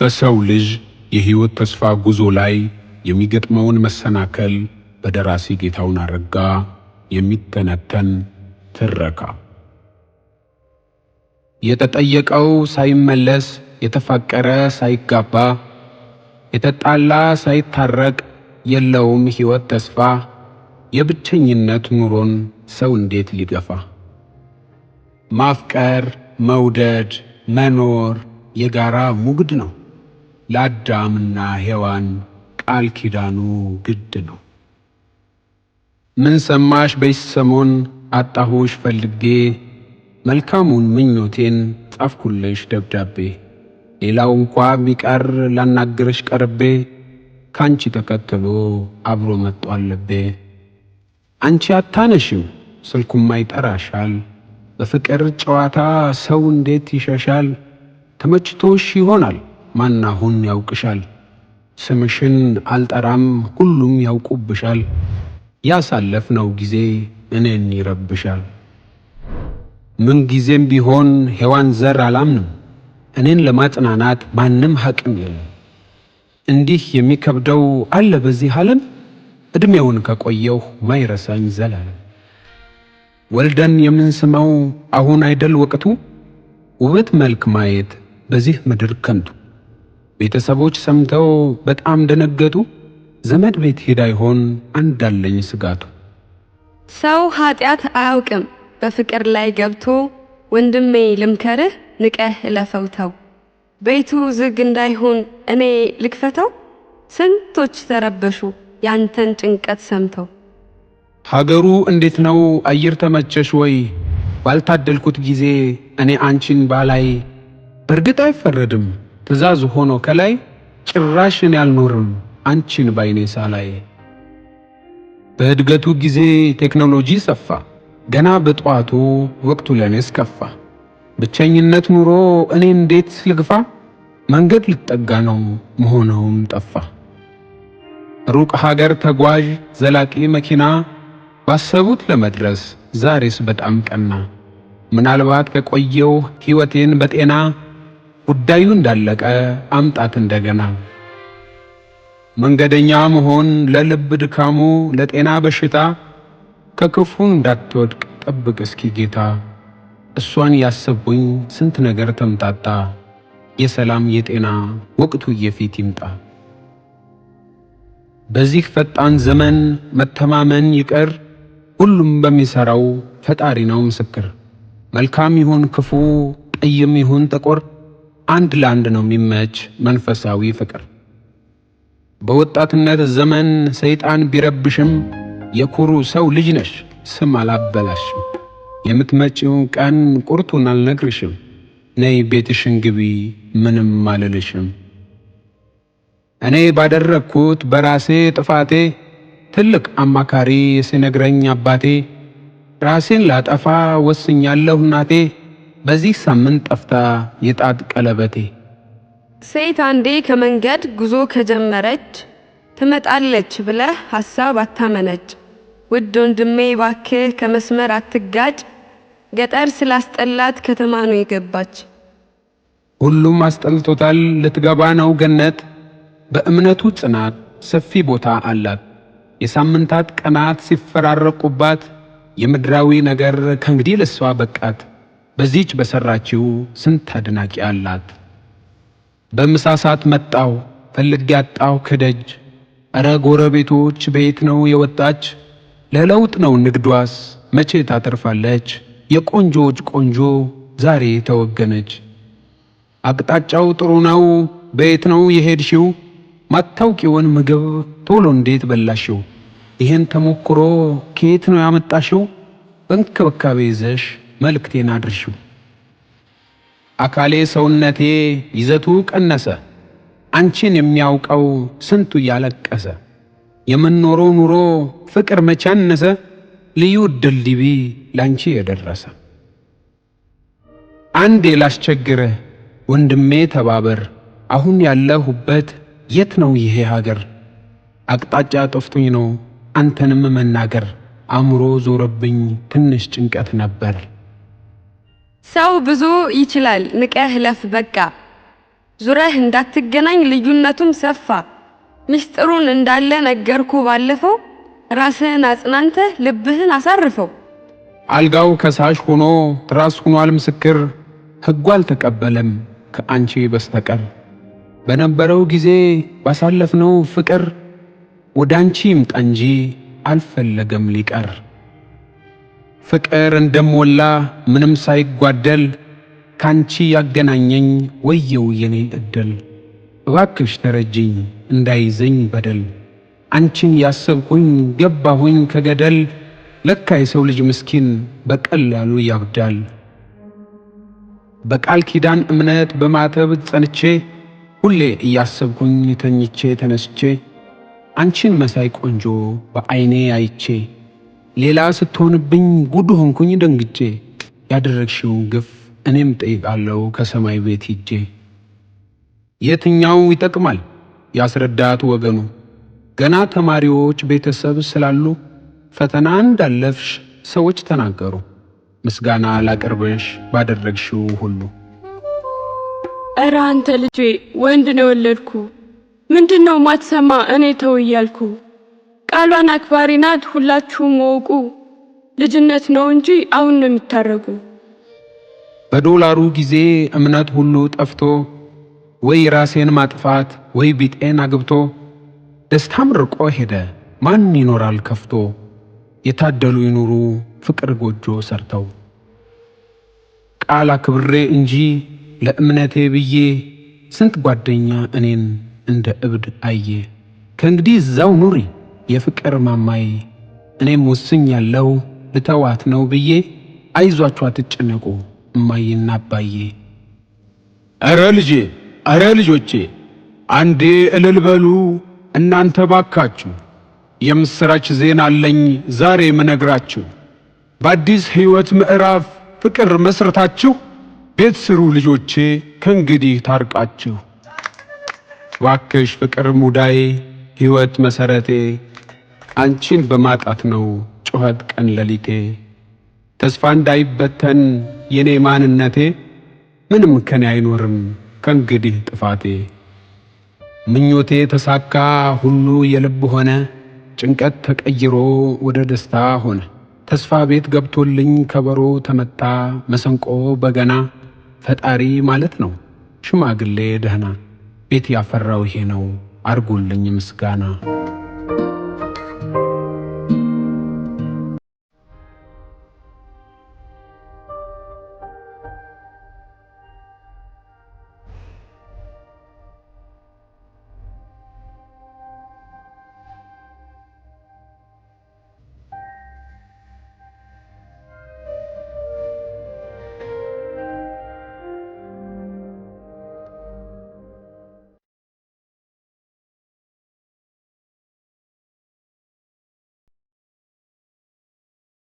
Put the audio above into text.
በሰው ልጅ የሕይወት ተስፋ ጉዞ ላይ የሚገጥመውን መሰናከል በደራሲ ጌታሁን አረጋ የሚተነተን ትረካ። የተጠየቀው ሳይመለስ፣ የተፋቀረ ሳይጋባ፣ የተጣላ ሳይታረቅ የለውም ሕይወት ተስፋ። የብቸኝነት ኑሮን ሰው እንዴት ሊገፋ? ማፍቀር፣ መውደድ፣ መኖር የጋራ ሙግድ ነው። ለአዳምና ሔዋን ቃል ኪዳኑ ግድ ነው። ምን ሰማሽ በይስ ሰሞን አጣሁሽ ፈልጌ መልካሙን ምኞቴን ጻፍኩልሽ ደብዳቤ ሌላው እንኳ ቢቀር ላናግርሽ ቀርቤ ካንቺ ተከትሎ አብሮ መጥቷል አለቤ። አንቺ አታነሽም ስልኩማ ይጠራሻል። በፍቅር ጨዋታ ሰው እንዴት ይሸሻል? ተመችቶሽ ይሆናል ማን አሁን ያውቅሻል? ስምሽን አልጠራም ሁሉም ያውቁብሻል። ያሳለፍነው ጊዜ እኔን ይረብሻል። ምን ጊዜም ቢሆን ሔዋን ዘር አላምንም። እኔን ለማጽናናት ማንም ሐቅም የለም። እንዲህ የሚከብደው አለ በዚህ ዓለም ዕድሜውን ከቆየሁ ማይረሳኝ ዘላለም። ወልደን የምንስመው አሁን አይደል ወቅቱ ውበት መልክ ማየት በዚህ ምድር ከንቱ ቤተሰቦች ሰምተው በጣም ደነገጡ። ዘመድ ቤት ሄዳ ይሆን አንዳለኝ ስጋቱ። ሰው ኃጢአት አያውቅም በፍቅር ላይ ገብቶ ወንድሜ ልምከርህ ንቀህ እለፈውተው ቤቱ ዝግ እንዳይሆን እኔ ልክፈተው። ስንቶች ተረበሹ ያንተን ጭንቀት ሰምተው። ሀገሩ እንዴት ነው አየር ተመቸሽ ወይ? ባልታደልኩት ጊዜ እኔ አንቺን ባላይ በርግጥ አይፈረድም ትእዛዝ ሆኖ ከላይ ጭራሽን ያልኖርም አንቺን ባይኔ ላይ በእድገቱ ጊዜ ቴክኖሎጂ ሰፋ ገና በጠዋቱ ወቅቱ ለእኔስ ከፋ። ብቸኝነት ኑሮ እኔ እንዴት ልግፋ? መንገድ ልጠጋ ነው መሆነውም ጠፋ። ሩቅ ሀገር ተጓዥ ዘላቂ መኪና ባሰቡት ለመድረስ ዛሬስ በጣም ቀና ምናልባት ከቆየው ሕይወቴን በጤና ጉዳዩ እንዳለቀ አምጣት እንደገና። መንገደኛ መሆን ለልብ ድካሙ ለጤና በሽታ ከክፉ እንዳትወድቅ ጠብቅ እስኪ ጌታ። እሷን ያሰቡኝ ስንት ነገር ተምጣጣ፣ የሰላም የጤና ወቅቱ የፊት ይምጣ። በዚህ ፈጣን ዘመን መተማመን ይቀር፣ ሁሉም በሚሠራው ፈጣሪ ነው ምስክር። መልካም ይሁን ክፉ፣ ጠይም ይሁን ጥቁር አንድ ለአንድ ነው የሚመች መንፈሳዊ ፍቅር። በወጣትነት ዘመን ሰይጣን ቢረብሽም የኩሩ ሰው ልጅ ነሽ፣ ስም አላበላሽም። የምትመጪው ቀን ቁርቱን አልነግርሽም፣ ነይ ቤትሽን ግቢ ምንም አልልሽም። እኔ ባደረግኩት በራሴ ጥፋቴ ትልቅ አማካሪ ሲነግረኝ አባቴ ራሴን ላጠፋ ወስኛለሁ እናቴ በዚህ ሳምንት ጠፍታ የጣት ቀለበቴ። ሴት አንዴ ከመንገድ ጉዞ ከጀመረች ትመጣለች ብለህ ሐሳብ አታመነጭ። ውድ ወንድሜ ባክህ ከመስመር አትጋጭ። ገጠር ስላስጠላት ከተማ ነው የገባች። ሁሉም አስጠልቶታል ልትገባ ነው ገነት። በእምነቱ ጽናት ሰፊ ቦታ አላት። የሳምንታት ቀናት ሲፈራረቁባት የምድራዊ ነገር ከእንግዲህ ለሷ በቃት። በዚች በሠራችው ስንት አድናቂ አላት። በምሳ ሰዓት መጣው ፈልግ ያጣው ከደጅ እረ ጎረቤቶች በየት ነው የወጣች? ለለውጥ ነው ንግዷስ መቼ ታተርፋለች? የቆንጆዎች ቆንጆ ዛሬ ተወገነች። አቅጣጫው ጥሩ ነው በየት ነው የሄድሽው? ማታውቂውን ምግብ ቶሎ እንዴት በላሽው? ይህን ተሞክሮ ከየት ነው ያመጣሽው? በእንክብካቤ ይዘሽ መልእክቴን አድርሽው። አካሌ ሰውነቴ ይዘቱ ቀነሰ፣ አንቺን የሚያውቀው ስንቱ እያለቀሰ። የምኖረው ኑሮ ፍቅር መቻነሰ፣ ልዩ እድል ዲቢ ላንቺ የደረሰ። አንዴ ላስቸግርህ ወንድሜ ተባበር፣ አሁን ያለሁበት የት ነው ይሄ ሀገር? አቅጣጫ ጠፍቶኝ ነው አንተንም መናገር አእምሮ ዞረብኝ ትንሽ ጭንቀት ነበር። ሰው ብዙ ይችላል፣ ንቀህ ለፍ በቃ። ዙረህ እንዳትገናኝ ልዩነቱም ሰፋ። ምስጢሩን እንዳለ ነገርኩ ባለፈው፣ ራስህን አጽናንተህ ልብህን አሳርፈው። አልጋው ከሳሽ ሆኖ ትራስ ሆኗል ምስክር፣ ህጉ አልተቀበለም ከአንቺ በስተቀር። በነበረው ጊዜ ባሳለፍነው ፍቅር ወደ አንቺ ይምጣ እንጂ አልፈለገም ሊቀር። ፍቅር እንደሞላ ምንም ሳይጓደል ካንቺ ያገናኘኝ ወየው የኔ እድል እባክሽ ተረጅኝ እንዳይዘኝ በደል አንቺን ያሰብኩኝ ገባሁኝ ከገደል ለካ የሰው ልጅ ምስኪን በቀላሉ ያብዳል። በቃል ኪዳን እምነት በማተብ ጸንቼ ሁሌ እያሰብኩኝ ተኝቼ ተነስቼ አንቺን መሳይ ቆንጆ በዐይኔ አይቼ ሌላ ስትሆንብኝ ጉድ ሆንኩኝ ደንግጬ። ያደረግሽውን ግፍ እኔም ጠይቃለሁ ከሰማይ ቤት ሂጄ። የትኛው ይጠቅማል ያስረዳት ወገኑ? ገና ተማሪዎች ቤተሰብ ስላሉ ፈተና እንዳለፍሽ ሰዎች ተናገሩ። ምስጋና ላቅርበሽ ባደረግሽው ሁሉ። እረ አንተ ልጄ ወንድ ነው የወለድኩ ምንድን ነው ማትሰማ እኔ ተው እያልኩ ቃሏን አክባሪ ናት፣ ሁላችሁም ወቁ። ልጅነት ነው እንጂ አሁን ነው የሚታረጉ። በዶላሩ ጊዜ እምነት ሁሉ ጠፍቶ ወይ ራሴን ማጥፋት ወይ ቢጤን አግብቶ ደስታም ርቆ ሄደ ማን ይኖራል ከፍቶ የታደሉ ይኑሩ ፍቅር ጎጆ ሰርተው ቃል አክብሬ እንጂ ለእምነቴ ብዬ ስንት ጓደኛ እኔን እንደ እብድ አየ። ከእንግዲህ እዛው ኑሪ የፍቅር ማማዬ እኔም ውስኝ ያለው ልተዋት ነው ብዬ አይዟችሁ አትጨነቁ እማዬና አባዬ። ኧረ ልጄ ኧረ ልጆቼ አንዴ እልል በሉ እናንተ ባካችሁ፣ የምሥራች ዜና አለኝ ዛሬ ምነግራችሁ። በአዲስ ሕይወት ምዕራፍ ፍቅር መስርታችሁ ቤት ስሩ ልጆቼ ከእንግዲህ ታርቃችሁ። ባክሽ ፍቅር ሙዳዬ ሕይወት መሠረቴ አንቺን በማጣት ነው ጩኸት ቀን ለሊቴ ተስፋ እንዳይበተን የኔ ማንነቴ ምንም ከኔ አይኖርም ከእንግዲህ ጥፋቴ። ምኞቴ ተሳካ ሁሉ የልብ ሆነ ጭንቀት ተቀይሮ ወደ ደስታ ሆነ። ተስፋ ቤት ገብቶልኝ ከበሮ ተመታ መሰንቆ በገና ፈጣሪ ማለት ነው ሽማግሌ ደህና ቤት ያፈራው ይሄ ነው አርጎልኝ ምስጋና